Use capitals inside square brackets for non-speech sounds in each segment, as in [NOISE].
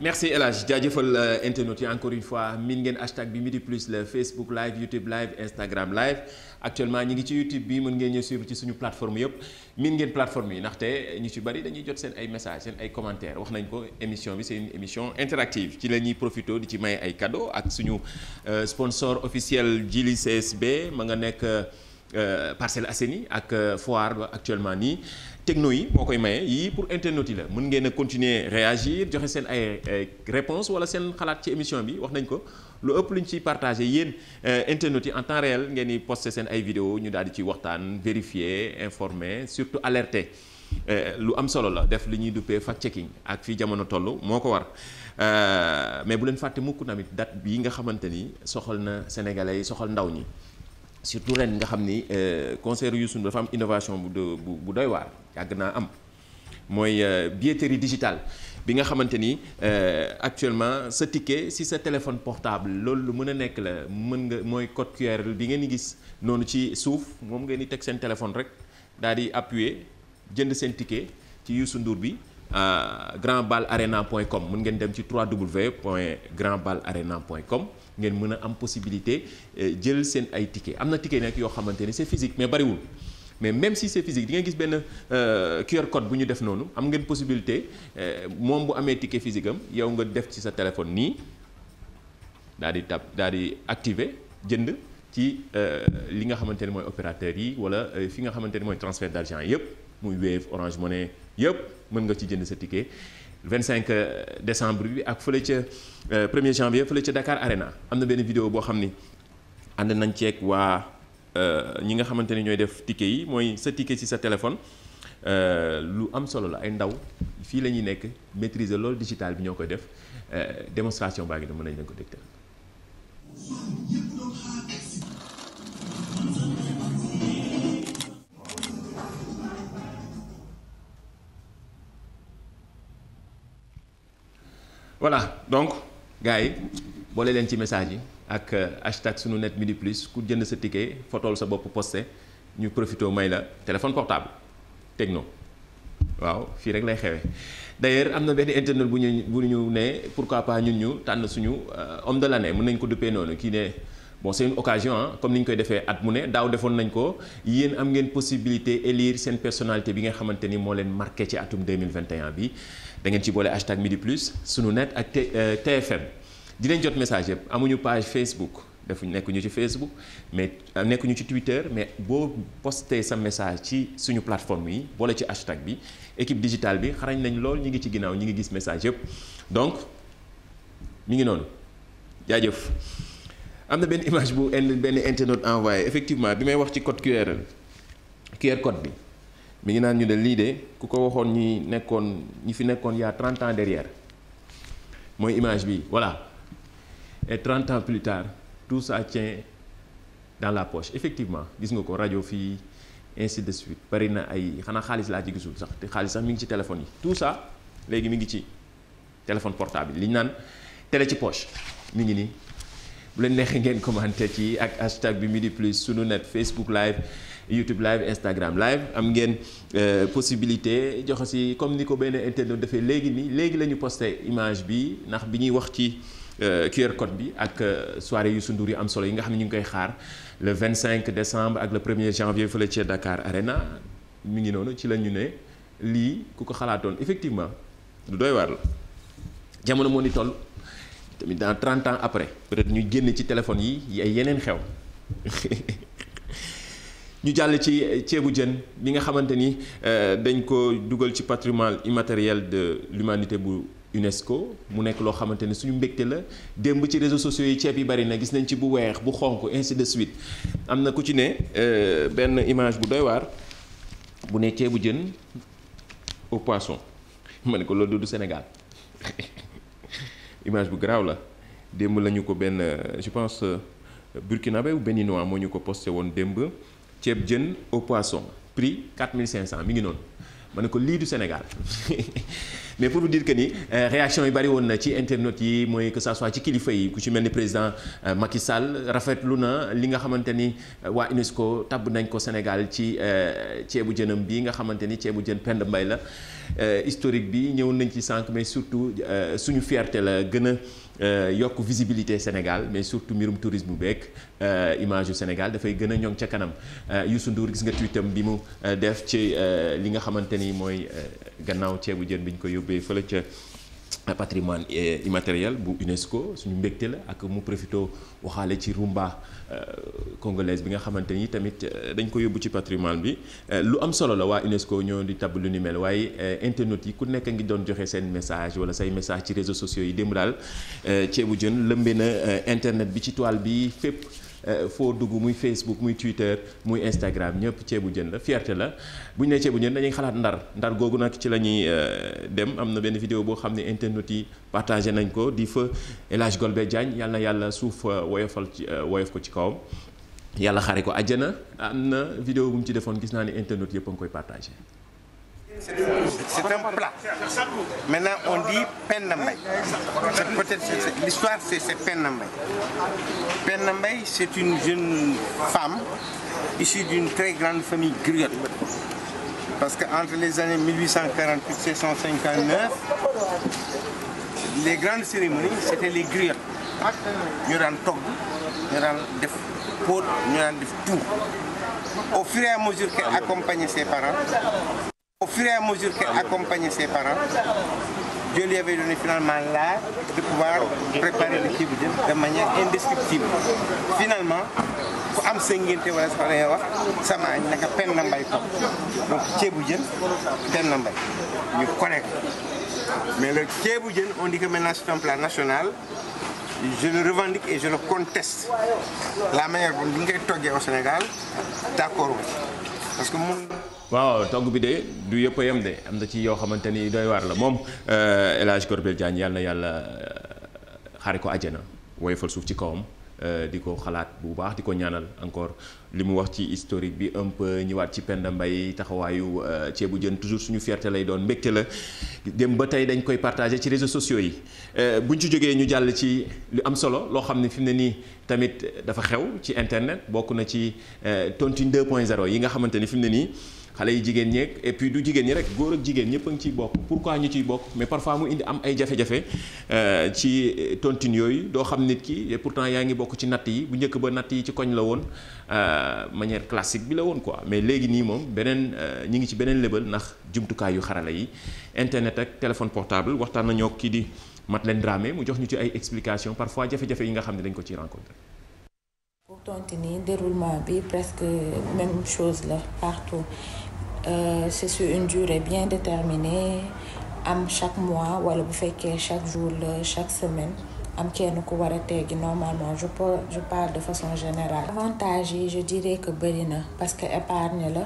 merci El Hadj jaajëfal euh, internautes yi encore une fois miin ngeen hashtag bi midi plus la Facebook live YouTube live Instagram live actuellement ñi ngi ci YouTube bi mën ngeen ñëw suivre ci suñu plateforme yëpp miin ngeen plateforme yi ndaxte ñu si bari dañuy jot seen ay message seen ay commentaires wax nañ ko émission bi c'est une émission interactive ci la ñuy profité di ci may ay cadeaux ak suñu euh, sponsor officiel Jili CSB ma nga nekk euh, Parcelles Assainies ak foire actuellement nii. techno yi moo koy mayee yii pour internautes yi la mën ngeen a continuer réagir joxe seen ay réponse wala seen xalaat ci émission bi wax nañ ko lu ëpp lu ñu ciy partagé yéen euh, internautes yi en temps réel ngeen di posté seen ay vidéo ñu daal di ciy waxtaan vérifier informer surtout alerte euh, lu am solo la def li ñuy duppee fact checking ak fii jamono toll moo ko war euh, mais bu leen fàtte mukk tamit date bii nga xamante ni soxal na sénégalais yi soxal ndaw ñi surtout ren nga xam ni euh, concert Youssou Ndour dafa am innovation bu bu bu doy waa yàgg naa am mooy euh, billetterie digitale bi nga xamante ni euh, actuellement sa ticket si sa téléphone portable loolu lu mën a nekk la mën nga mooy code QR bi ngeen di gis noonu ci suuf moom ngeen di teg seen téléphone rek daal di appuyer jënd seen ticket ci Youssou ndur bi grandballarena.com mën ngeen dem ci comme ngeen mën a am possibilité euh, jël seen ay ticket am na ticket nag yoo xamante ni c'est physique mais bariwul mais même si c'est physique di gis benn euh, QR code bu ñu def noonu am ngeen possibilité euh, moom bu amee ticket physique am yow nga def ci sa téléphone nii daal di tap daal di activer jënd ci li nga xamante ne mooy opérateur yi wala fi nga xamante ne mooy transfert d'argent yépp muy Wave Orange Money yépp mën nga ci jënd sa ticket vingt cinq euh, décembre bi ak fële ca 1er euh, janvier fële ca Dakar Arena am na benn vidéo boo xam ni ànd nañ ceeg waa euh, ñi nga xamante ni ñooy def ticket yi mooy sa ticket ci sa téléphone lu am solo la ay ndaw fii la ñuy nekk maîtriser loolu digital bi ñoo koy def démonstration baa ngi dama lañ leen ko dégtal voilà donc gars yi boole leen ci message yi ak euh, hashtag sunu net midi plus ku jënd sa ticket fotool sa bopp poste ñu profité may la téléphone portable Tecno waaw fii rek lay xewee d'ailleurs am na benn internet bu ñu bu ñu ne pourquoi pas ñun ñu tànn suñu euh, homme de l'année mën nañ ko duppee noonu kii ne bon seen une occasion comme ni ñu koy defee at mu ne daaw defoon nañ ko yéen am ngeen possibilité élire seen personnalité bi nga xamante ni moo leen marqué ci atum 2021 bi da ngeen ci boole hashtag midi plus suñu net ak TFM euh, dinañ jot message yëpp amuñu page Facebook defuñ nekkuñu ci Facebook mais euh, nekkuñu ci Twitter mais boo posté sa message ci suñu plateforme yi boole ci hashtag bi équipe digitale bi xarañ nañ lool ñi ngi ci ginnaaw ñi ngi gis message yëpp donc mi ngi noonu jaajëf. am na benn image bu benn internaute envoyé effectivement bi may wax ci code QR QR code bi. mi ngi naan ñu de lii de ku ko waxoon ñi nekkoon ñi fi nekkoon y a 30 ans derrière mooy image bi voilà et 30 ans plus tard tout ça tient dans la poche effectivement gis nga ko rajo fii ainsi de suite bari na ay xanaa xaalis laa ci gisul sax te xaalis sax mi ngi ci téléphone yi tout ça léegi mi ngi ci téléphone portable li ñu naan télé ci poche mi ngi nii bu leen neexee ngeen commenté ci ak hashtag bi midi plus sunu net Facebook live. YouTube live Instagram live am ngeen euh, possibilité joxe si comme ni ko benn internet defee léegi nii léegi lañu ñu posté image bi ndax bi ñuy wax ci euh, QR code bi ak euh, soirée Youssou Ndour yu am solo yi nga xam ne ñu ngi koy xaar le 25 décembre ak le 1er janvier fële ci Dakar Arena mi ngi noonu ci la ñu ne lii ku ko xalaatoon effectivement lu doy waar la jamono moo ni toll tamit dans 30 ans après peut-être ñu génn ci téléphone yi ay yeneen xew [LAUGHS] ñu jàll ci ceebu jën bi nga xamante ni euh, dañ ko dugal ci patrimoine immatériel de l'humanité bu UNESCO mu nekk loo xamante ne suñu mbégte la démb ci réseaux sociaux yi ceeb yi bari na gis nañ ci bu weex bu xonk inci de suite am na ku ci ne euh, benn image bu doy waar bu ne ceebu jën au poisson [LAUGHS] ma ne ko loolu du Sénégal [LAUGHS] image bu garaaw la démb lañu ko benn euh, je pense burkinabé ou béninois moo ñu ko posté woon démb. ceeb jën au poisson prix 4500 mi ngi noonu ma ne ko lii du Sénégal [LAUGHS] mais pour vous dire que ni euh, réaction yi bari woon na ci internet yi mooy que ça soit ci kilifa yi ku ci mel ni président euh, Macky Sall rafetlu na li nga xamante ni euh, waa UNESCO tabb nañ ko Sénégal ci ceebu jënam bi nga xamante ni ceebu jën Penda Mbaye la historique bi ñëw nañ ci sànq mais surtout suñu fierté la gën a Euh, yokk visibilité Sénégal mais surtout mbirum tourisme beeg euh, image yu Sénégal dafay gën a ñoŋ ca kanam euh, Youssou Ndour gis nga tweetam bi mu def ci li nga xamante ni mooy gannaaw ceebu jën bi ñu ko yóbbee fële ca. patrimoine euh, immatériel bu UNESCO suñu mbégte la ak mu profité waxaale ci rumba euh, congolaise bi nga xamante ni tamit euh, dañ ko yóbbu ci patrimoine bi lu am solo la waa UNESCO ñoo di tabb lu ni mel waaye internautes yi ku nekk ngi doon joxe seen message wala say message ci réseau sociaux yi démb daal ceebu jën lëmbe na internet bi ci toile bi fépp. Euh, foo dugg muy Facebook muy Twitter muy Instagram ñëpp ceebu jën la fierté la bu ñu nee ceebu jën dañuy xalaat ndar ndar googu nag ci la ñuy euh, dem am na benn vidéo boo xam ne internet yi partagé nañ ko di fa El Hadj Golbert Diagne yàlla na yàlla suuf euh, woyofal ci woyof ko ci kawam yàlla xare ko àjjana am na vidéo bu mu ci defoon gis naa ne internet yëpp a koy partagé. C'est un plat. Maintenant, on dit Penambay. C'est peut-être l'histoire, c'est Penambay. Penambay, c'est une jeune femme issue d'une très grande famille griotte. Parce qu'entre les années 1848 et 1659, les grandes cérémonies, c'était les griottes. Nous avons togg, des potes, nous avons tout. Au fur et à mesure qu'elle accompagnait ses parents, Au fur et à mesure qu'elle accompagnait ses parents, Dieu lui avait donné finalement l'art de pouvoir oh, préparer le Kiboudim de manière indescriptible. Finalement, ku am sa ngénte wala sax dañuy wax sama añ naka Penda Mbaye topp donc ceebu jën Penda Mbaye ñu connecte mais le ceebu jën on dit que maintenant national je le revendique et je le conteste la manière bu ñu koy toggee au Sénégal d'accord parce que moom waaw togg bi de du yëpp yem de am na ci yoo xamante ni doy waar la moom euh, El Hadj Corbel Diagne yàlla na yàlla euh, xaare ko àjjana woyofal suuf ci kawam euh, di ko xalaat bu baax di ko ñaanal encore li mu wax ci historique bi un peu ñëwaat ci Penda Mbaye taxawaayu ceebu jën toujours suñu fierté lay doon mbekke la dém ba tey dañ koy partagé ci réseaux sociaux yi buñ ci jógee ñu jàll ci lu am solo loo xam ne fim mu ne nii tamit dafa xew ci internet bokk na ci tontine 2.0 yi nga xamante ni fi ne nii. xale yi jigéen ñeeg et du jigéen ñi rek góor ak jigéen ñëpp a ngi ciy bokk pourquoi ñu ciy bokk mais parfois mu indi am ay jafe-jafe euh, ci tontine yooyu doo xam nit ki et pourtant yaa ngi bokk ci natt yi bu njëkk ba natt yi ci koñ la woon euh, manière classique bi la woon ko mais léegi nii moom beneen euh, ñi ngi ci beneen lébal ndax jumtukaay yu xarala yi internet ak téléphone portable waxtaan nañoo kii di Madeleine Dramé mu jox ñu ci ay explications parfois jafe-jafe yi nga xam ne dañ ko ciy rencontré. pour euh, c'est sur une durée bien déterminée am chaque mois wala bu fekkee chaque jour la chaque semaine am kenn ku war a teggi normalement je peux je parle de façon générale. avantage yi je dirais que bëri na parce que épargne la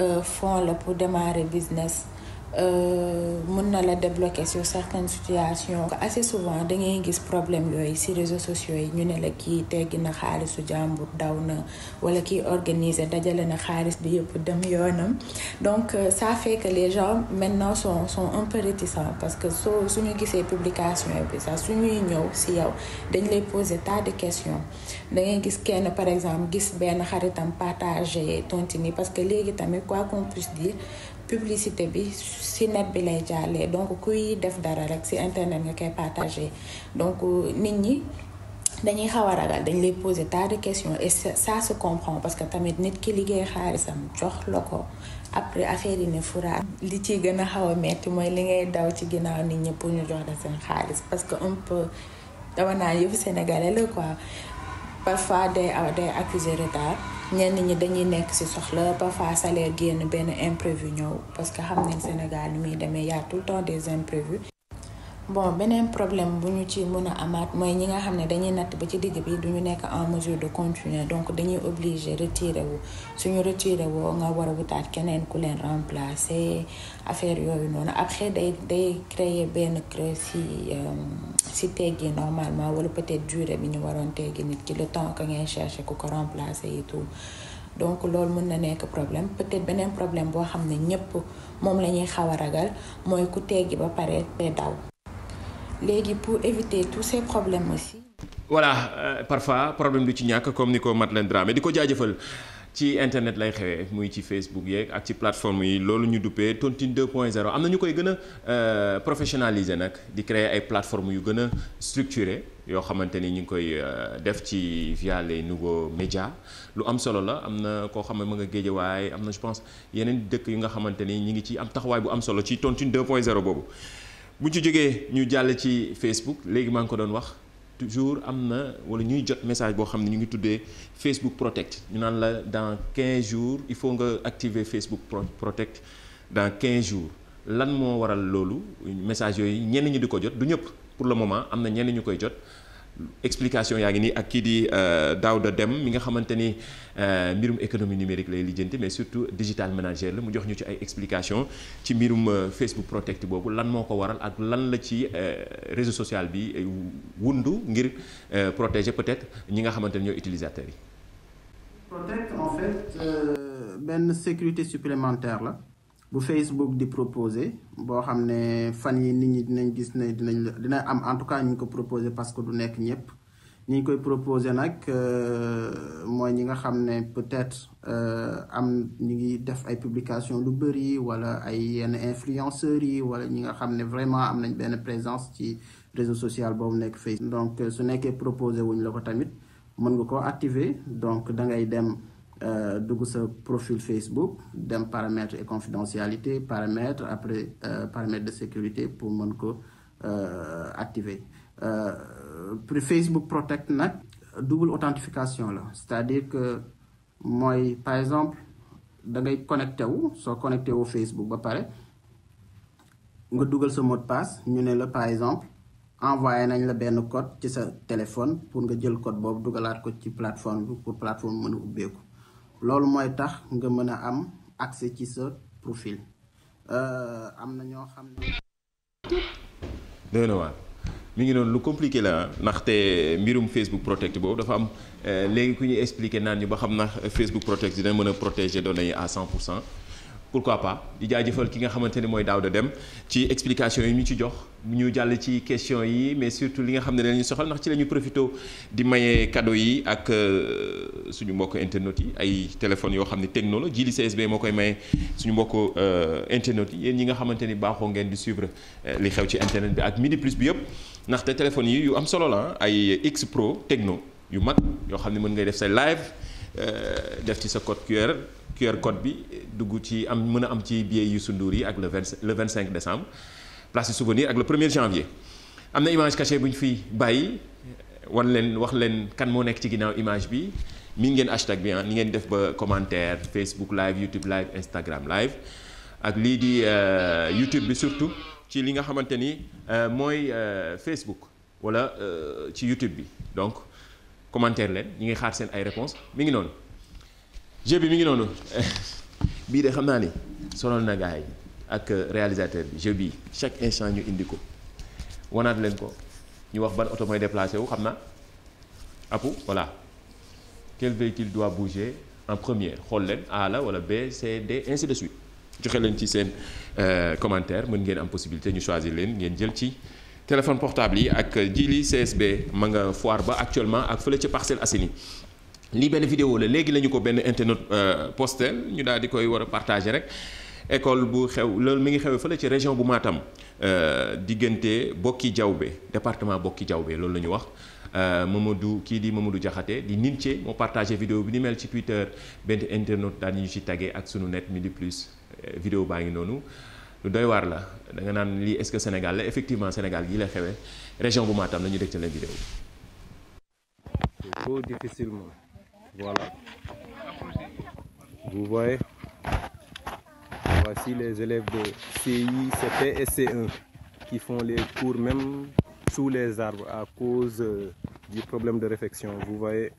euh, fonds la pour démarrer business. Euh, mën na la débloquer si certaines situations assez souvent da ngay gis problème yooyu ci réseaux sociaux yi ñu ne la kii teggi na xaalisu jàmbur daw na wala kii organiser dajale na xaalis bi yëpp dem yoonam donc euh, ça fait que les gens maintenant sont sont un peu parce que soo suñu gisee publication bi sax ñëw ci yow dañ lay poser tas de questions da ngay gis kenn par exemple gis benn xaritam partager tontini parce que léegi tamit quoi qu'on puisse dire publicité bi ci net bi lay jàllee donc kuy def dara rek ci internet nga koy partager donc nit ñi dañuy xaw a ragal dañ lay poser tas de question et sa se comprend parce que tamit nit ki liggéey xaalisam jox la ko après affaire yi ne fura li ciy gën a xaw a metti mooy li ngay daw ci ginnaaw nit ñi pour ñu jox la seen xaalis parce que un peu dama naa yëfu sénégalais la quoi parfois day day accuser retard ñenn ñi dañuy nekk ci soxla parfois salaire génn benn imprévu ñëw parce que xam nañ Sénégal ni muy demee yaa a tout le temps des imprévus bon beneen problème bu ñu ci mën a amaat mooy ñi nga xam ne dañuy natt ba ci digg bi duñu nekk en mesure de continuer donc dañuy obligé retirer wu suñu retirer woo nga war a wutaat keneen ku leen remplacer affaire yooyu noonu après day day créer benn creux si euh, si teggi normalement wala peut-être durée bi ñu waroon teggi nit ki le temps que ngay chercher ku ko remplacer et tout donc loolu mën na nekk problème peut-être beneen problème boo xam ne ñëpp moom la ñuy xaw a ragal mooy ku teggi ba pare te léegi pour éviter tous ces problèmes aussi. voilà euh, parfois problème du ci ñàkk comme ni ko Madeleine drame di ko jaajëfal. ci internet lay xewee muy ci Facebook yeeg ak ci plateforme yi loolu ñu duppee tontine 2.0 am na ñu koy gën a euh, professionnaliser nag di créer ay plateformes yu gën a structurées yoo xamante ni ñu ngi koy euh, def ci via les nouveaux lu am solo la am na koo xam ne ma nga waaye am na je pense yeneen dëkk yu nga xamante ni ñu ngi ci am taxawaay bu am solo ci tontine 2.0 boobu. bu ci jógee ñu jàll ci Facebook léegi maa ngi ko doon wax toujours am na wala ñuy jot message boo xam ne ñu ngi tuddee Facebook Protect ñu naan la dans 15 jours il faut nga activer Facebook Protect dans 15 jours lan moo waral loolu message yooyu ñenn ñu di ko jot du ñëpp pour le moment am na ñenn ñu koy jot. explication yaa ngi nii ak kii di euh, Daouda Dem mi nga xamante ni euh, mbirum économie numérique lay lijjanti mais surtout digital manager la mu jox ñu ci ay explication ci mbirum euh, Facebook Protect boobu lan moo ko waral ak lan la ci réseau social bi wundu ngir protéger peut-être ñi nga xamante ni ñoo utilisateurs yi. benn sécurité supplémentaire la. bu Facebook di proposer boo xam ne fan yi nit ñi dinañ gis ne dinañ dina am en tout cas ñu ngi ko proposer parce que du nekk ñëpp ñi ngi koy proposer nag euh, mooy ñi nga xam ne peut-être euh, am ñu ngi def ay publication lu bëri wala ay yenn influenceurs yi wala ñi nga xam ne vraiment am nañ benn présence ci réseau social boobu nekk Facebook donc euh, su nekkee proposer wuñ la ko tamit mën nga koo activer donc da ngay dem Euh, dugg sa profil Facebook dem paramètre et confidentialité paramètres après euh, paramètres de sécurité pour mën ko euh, activer Facebook Protect nag double authentification la c'est-à-dire que mooy par exemple dangay ngay wu soo connecté wu Facebook ba pare nga dugal sa mot de ñu ne la par exemple envoyé nañ la benn code ci sa téléphone pour nga jël code boobu dugalaat ko ci plateforme pour plateforme mën a ubbeeku loolu mooy tax nga mën a am accès ci sa profil euh, am na ñoo xam ne. doy na waar ngi noonu lu compliqué la ndaxte mbirum Facebook Protect boobu dafa am euh, léegi ku ñuy expliqué naan ñu ba xam na Facebook Protect dina mën a protéger données yi à 100 pour cent. pourquoi pas di jaajëfal ki nga xamante ni mooy Daouda dem ci explication yi mu ci jox ñu jàll ci question yi mais surtout li nga xam ne dañu soxal ndax ci la ñu profité di maye cadeau yi ak euh, suñu mbokk internet yi ay téléphones yoo xam ne technologie li CSB moo koy maye suñu mbokk euh, internet yi yéen ñi nga xamante ni baaxoo ngeen di suivre euh, li xew ci internet bi ak midi plus bi yëpp ndaxte téléphones yi yu am solo la ay X Pro Tecno yu mag yoo xam ne mën ngay def say live Euh, def ci sa code QR QR code bi dugg ci am mën a am ci billet Youssou Ndour yi ak le vingt le vingt cinq décembre place du souvenir ak le premier janvier am na image cachée bu ñu fi bàyyi wan leen wax leen kan moo nekk ci ginnaaw image bi min ngeen hashtag bi ah ni ngeen def ba commentaire Facebook live YouTube live Instagram live ak lii di euh, YouTube bi surtout ci li nga xamante ni euh, mooy Facebook wala ci YouTube bi donc. commentaire leen ñu ngi xaar seen ay réponses mi ngi noonu jeu bi mi ngi noonu [LAUGHS] bii de xam naa ni sonal na gars ak réalisateur bi jeu bii chaque instant ñu indi ko wanaat leen ko ñu wax ban oto mooy déplacé wu xam naa apu voilà quel véhicule doit bouger en première xool leen A la wala B C D ainsi suite joxe leen ci seen euh, commentaire mën ngeen am possibilité ñu choisir leen ngeen jël ci téléphone portable yi ak Jili CSB ma nga foire ba actuellement ak fële ca Parcelles Assainies lii benn vidéo la léegi lañu ko benn internet euh, postel ñu daal di koy war a partager rek école bu xew loolu mi ngi xewee fële ci région bu Matam euh, diggante Bokki Jawbe département Bokki Jawbe loolu la ñu wax euh, du kii di Mamadou Diakhaté di ci moo partagé vidéo bi ni mel ci Twitter benn internaute daal ñu ci tagee ak sunu net midi plus vidéo baa ngi noonu lu doy waar la da nga naan lii est-ce que Sénégal la effectivement Sénégal gii la xewee région bu Matam la ñu dégtalee vidéo bi. trop difficilement voilà vous voyez voici les élèves de CI et CE1 qui font les cours même sous les arbres à cause euh, du problème de réfection vous voyez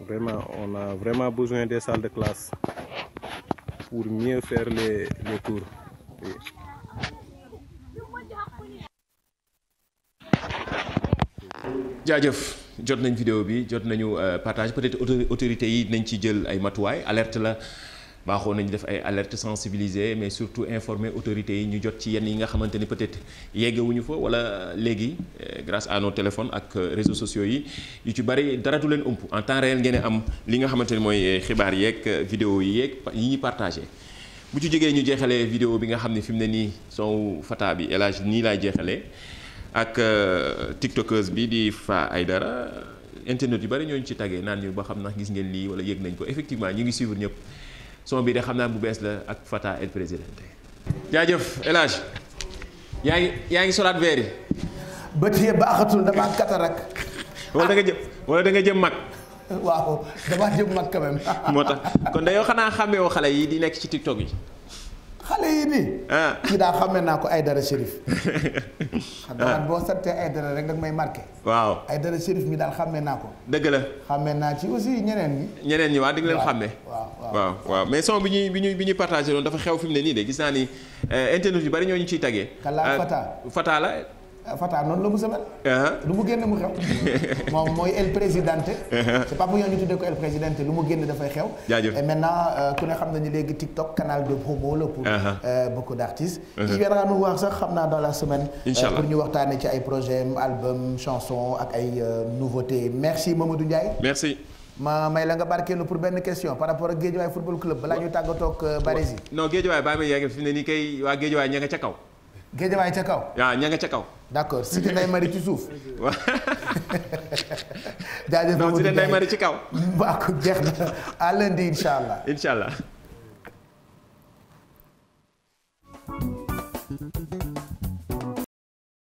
vraiment on a vraiment besoin des salles de classe. pour mieux faire les, les jaajëf jot nañ vidéo bi jot nañu euh, partage peut-être autorités yi nañ ci jël ay matuwaay alerte la baaxoo nañu def ay alertes sensibiliser mais surtout informer autorité yi ñu jot ci yenn yi nga xamante ni peut-être yeggewuñu fa wala léegi eh, grace à nos téléphones ak euh, réseaux sociaux yi yu ci bari dara du leen ump en temps réel ngeen am li nga xamante ni mooy eh, xibaar yeeg euh, vidéo yi yeeg yi ñuy partagé. bu ci jógee ñu jeexalee vidéo bi nga xam ne fi mu ne nii son fata bi El nii laay jeexale ak euh, tiktokeuse bi di Fa ay Aydara internet yu bari ñoo ci tagee naan ñu xam ndax gis ngeen lii wala yëg ko effectivement ñu ngi suivre ñëpp. son bii de xam naa bu bees la ak Fata el présidente jaajëf El yaa ngi yaa ngi solaat veer yi bët yi baaxatul damaa katarak wala da nga jëm wala da nga jëm mag waaw damaa jëm mag quand même moo tax kon da yoo xanaa xàmmeewoo xale yi di nekk ci TikTok yi xale yi nii. Ah. kii daal xamee naa ko Aydara Chérif. [LAUGHS] xam nga boo santee Aydara rek dag may marqué. waaw ay dara Chérif mi daal xamee naa ko. dëgg la xamee naa ci aussi ñeneen ñi. ñeneen ñi waaw di leen xàmmee. waaw waaw waaw mais son bi ñuy bi ñuy bi ñuy partagé dafa xew fi mu ne nii de gis naa ni euh, internet yu bari ñoo ñu ciy tagee. Kalla euh, Fata Fata la. Euh, Fata noonu la mu sëmal. Uh-huh. lu mu génn mu xew. [LAUGHS] moom mooy El Presidente. Uh-huh. c'est pas pour ñu tuddee ko El Presidente lu mu génn dafay xew. jaajëf et maintenant euh, ku ne xam nañu léegi TikTok canal de promo la pour. Uh-huh. Euh, beaucoup d'artistes. qui viendra nous voir sax xam naa dans la semaine. inchallah pour ñu waxtaanee ci ay projets album chanson ak ay nouveautés merci Mamadou Ndiaye. merci. ma may la nga barkeelu pour benn question par rapport ak Guédiawaye football club balaa ñuy tàggatoo ak Barési. non waa nga ca kaw. géejawaay ca kaw. waaw ña ca kaw. daccord accord si te Ndeye Marie ci suuf. waaw. jaajëf non si te Ndeye Marie ci kaw. waaw jeex na à lundi incha allah. incha allah.